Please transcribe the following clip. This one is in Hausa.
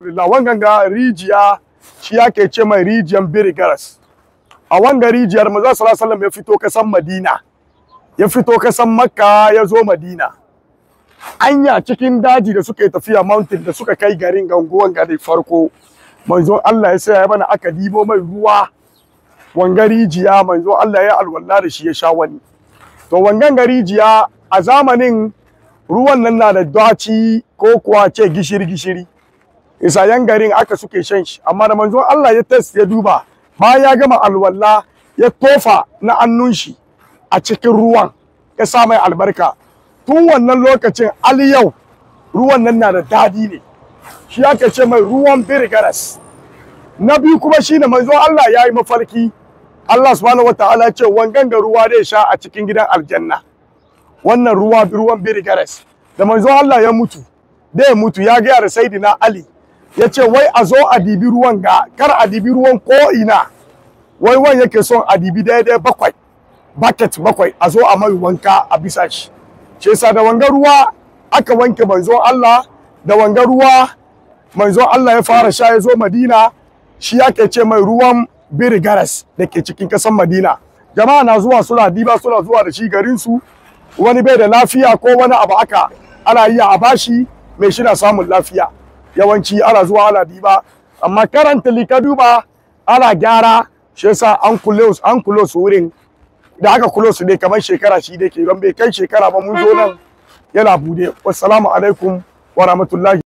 la wanganga rijiya shi yake ce mai rijiyan birigaras a wanga rijiyar maza sallallahu ya fito kasan madina ya fito kasan makka ya zo madina anya cikin daji da suka yi tafiya mountain da suka kai garin ganguwan gari farko manzo Allah ya saya mana aka dibo mai ruwa wanga rijiya manzo Allah ya alwala da shi ya sha wani to wangan rijiya a zamanin ruwan nan na da daci ko kuwa ce gishiri gishiri Isayen garin aka suke shan shi amma da manzon Allah ya test ya duba ba ya gama alwala ya tofa na annun shi a cikin ruwan ya sa mai albarka tun wannan lokacin al yau ruwan nan na da dadi ne shi aka ce mai ruwan birgaras na biyu kuma shi shine manzo Allah ya yi mafarki Allah subhanahu wataala ya ce wangan ganga ruwa zai sha a cikin gidan aljanna wannan ruwa ruwan birgaras da manzo Allah ya mutu da mutu ya gaya da saidina Ali ya ce wai a zo a dibi ruwan ga kar a dibi ruwan ko ina wai wan yake son a dibi daidai bakwai bucket bakwai a zo a mai wanka a bisa shi shi sa da wanga ruwa aka wanke manzo Allah da wanga ruwa manzo Allah ya fara sha ya zo Madina shi yake ce mai ruwan Birigaras da ke cikin kasan Madina jama'a na zuwa suna diba suna zuwa da shi garin su wani bai da lafiya ko wani abu aka ana iya a bashi mai shi na samun lafiya yawanci ana zuwa ana diba amma karanta lika duba ana gyara shi yasa an close an close wurin da aka close ne kamar shekara shi dai ke don bai kai shekara ba mun zo nan yana bude wassalamu alaikum wa rahmatullahi